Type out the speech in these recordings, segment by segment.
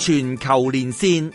全球連線，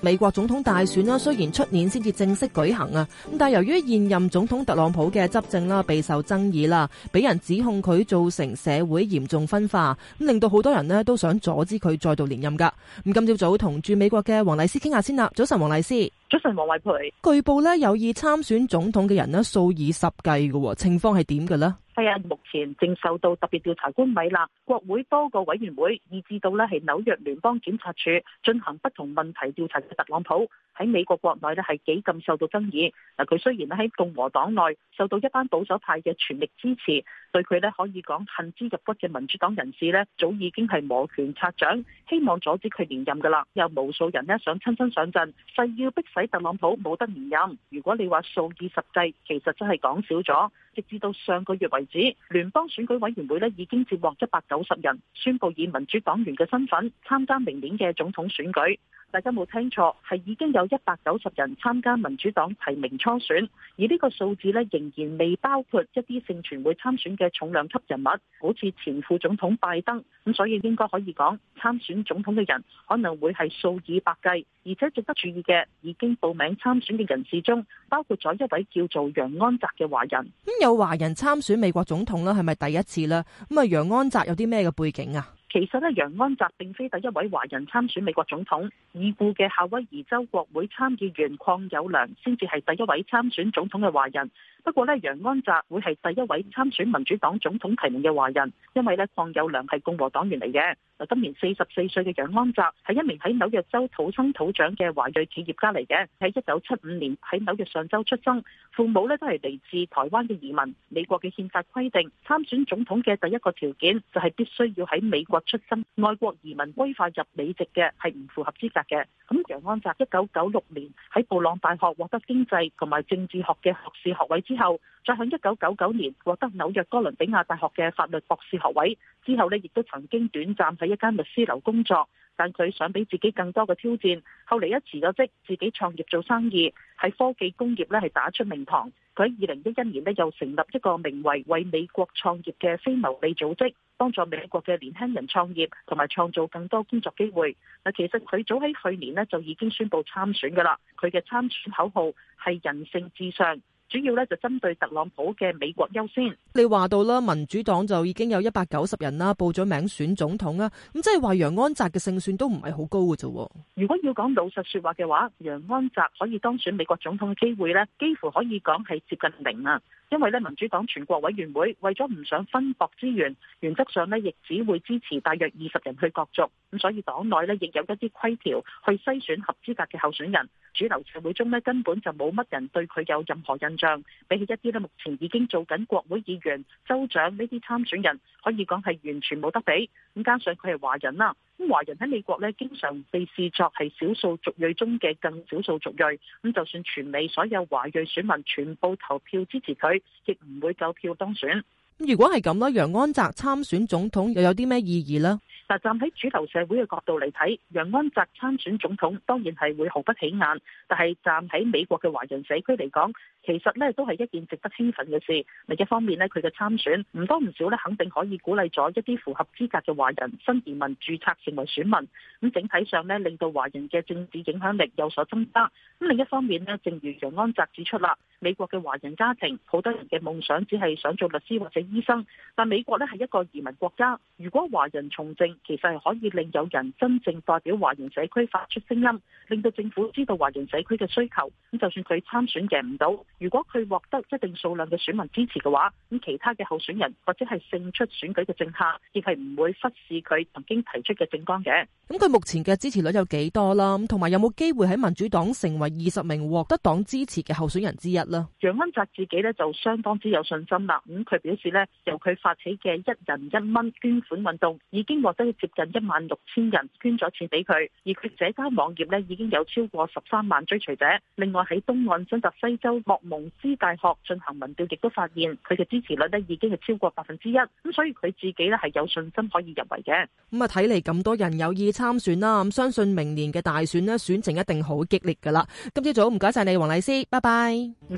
美國總統大選啦，雖然出年先至正式舉行啊，咁但係由於現任總統特朗普嘅執政啦，備受爭議啦，俾人指控佢造成社會嚴重分化，咁令到好多人咧都想阻止佢再度連任噶。咁今朝早同駐美國嘅黃麗施傾下先啦。早晨，黃麗施。早晨，王慧蓓。據報咧有意參選總統嘅人咧數以十計噶，情況係點嘅呢？係啊，目前正受到特別調查官米勒、國會多個委員會，以至到咧係紐約聯邦檢察署進行不同問題調查嘅特朗普，喺美國國內咧係幾咁受到爭議。嗱，佢雖然喺共和黨內受到一班保守派嘅全力支持。對佢咧可以講恨之入骨嘅民主黨人士咧，早已經係摩拳擦掌，希望阻止佢連任噶啦。有無數人咧想親身上陣，誓要逼使特朗普冇得連任。如果你話數以十計，其實真係講少咗。直至到上個月為止，聯邦選舉委員會咧已經接獲一百九十人宣布以民主黨員嘅身份參加明年嘅總統選舉。大家冇聽錯，係已經有一百九十人參加民主黨提名初選，而呢個數字呢，仍然未包括一啲聲稱會參選嘅重量級人物，好似前副總統拜登咁，所以應該可以講參選總統嘅人可能會係數以百計。而且值得注意嘅，已經報名參選嘅人士中，包括咗一位叫做楊安澤嘅華人。咁、嗯、有華人參選美國總統啦，係咪第一次咧？咁、嗯、啊，楊安澤有啲咩嘅背景啊？其實呢，楊安澤並非第一位華人參選美國總統，已故嘅夏威夷州國會參議員鄺友良先至係第一位參選總統嘅華人。不過呢楊安澤會係第一位參選民主黨總統提名嘅華人，因為呢，鄺友良係共和黨員嚟嘅。嗱，今年四十四歲嘅楊安澤係一名喺紐約州土生土長嘅華裔企業家嚟嘅，喺一九七五年喺紐約上州出生，父母呢都係嚟自台灣嘅移民。美國嘅憲法規定，參選總統嘅第一個條件就係必須要喺美國出生，外國移民歸化入美籍嘅係唔符合資格嘅。咁楊安澤一九九六年喺布朗大學獲得經濟同埋政治學嘅學士學位之後。之後，再喺一九九九年獲得紐約哥倫比亞大學嘅法律博士學位之後呢，亦都曾經短暫喺一間律師樓工作，但佢想俾自己更多嘅挑戰。後嚟一辭咗職，自己創業做生意，喺科技工業呢係打出名堂。佢喺二零一一年呢，又成立一個名為為美國創業嘅非牟利組織，幫助美國嘅年輕人創業同埋創造更多工作機會。嗱，其實佢早喺去年呢就已經宣布參選噶啦，佢嘅參選口號係人性至上。主要咧就針對特朗普嘅美國優先。你話到啦，民主黨就已經有一百九十人啦報咗名選總統啊，咁即係話楊安澤嘅勝算都唔係好高嘅啫。如果要講老實說話嘅話，楊安澤可以當選美國總統嘅機會呢，幾乎可以講係接近零啊。因為咧，民主黨全國委員會為咗唔想分薄資源，原則上呢，亦只會支持大約二十人去角逐。咁所以黨內咧，亦有一啲規條去篩選合資格嘅候選人。主流社會中咧，根本就冇乜人對佢有任何印象。比起一啲咧，目前已經做緊國會議員、州長呢啲參選人，可以講係完全冇得比。咁加上佢係華人啦，咁華人喺美國咧，經常被視作係少數族裔中嘅更少數族裔。咁、嗯、就算全美所有華裔選民全部投票支持佢，亦唔會夠票當選。如果係咁啦，楊安澤參選總統又有啲咩意義呢？站喺主流社會嘅角度嚟睇，楊安澤參選總統當然係會毫不起眼，但係站喺美國嘅華人社區嚟講，其實呢都係一件值得興奮嘅事。另一方面呢，佢嘅參選唔多唔少呢肯定可以鼓勵咗一啲符合資格嘅華人新移民註冊成為選民，咁整體上呢令到華人嘅政治影響力有所增加。咁另一方面呢，正如楊安澤指出啦。美國嘅華人家庭好多人嘅夢想只係想做律師或者醫生，但美國呢係一個移民國家。如果華人從政，其實係可以令有人真正代表華人社區發出聲音，令到政府知道華人社區嘅需求。咁就算佢參選贏唔到，如果佢獲得一定數量嘅選民支持嘅話，咁其他嘅候選人或者係勝出選舉嘅政客亦係唔會忽視佢曾經提出嘅政綱嘅。咁佢目前嘅支持率有幾多啦？同埋有冇機會喺民主黨成為二十名獲得黨支持嘅候選人之一？楊安澤自己咧就相當之有信心啦，咁、嗯、佢表示咧由佢發起嘅一人一蚊捐款運動，已經獲得接近一萬六千人捐咗錢俾佢，而佢社交網頁咧已經有超過十三萬追隨者。另外喺東岸新澤西州莫蒙斯大學進行民調，亦都發現佢嘅支持率咧已經係超過百分之一，咁、嗯、所以佢自己咧係有信心可以入圍嘅。咁啊、嗯，睇嚟咁多人有意參選啦、啊，咁、嗯、相信明年嘅大選咧選情一定好激烈噶啦。今朝早唔該晒你，黃麗施，拜拜。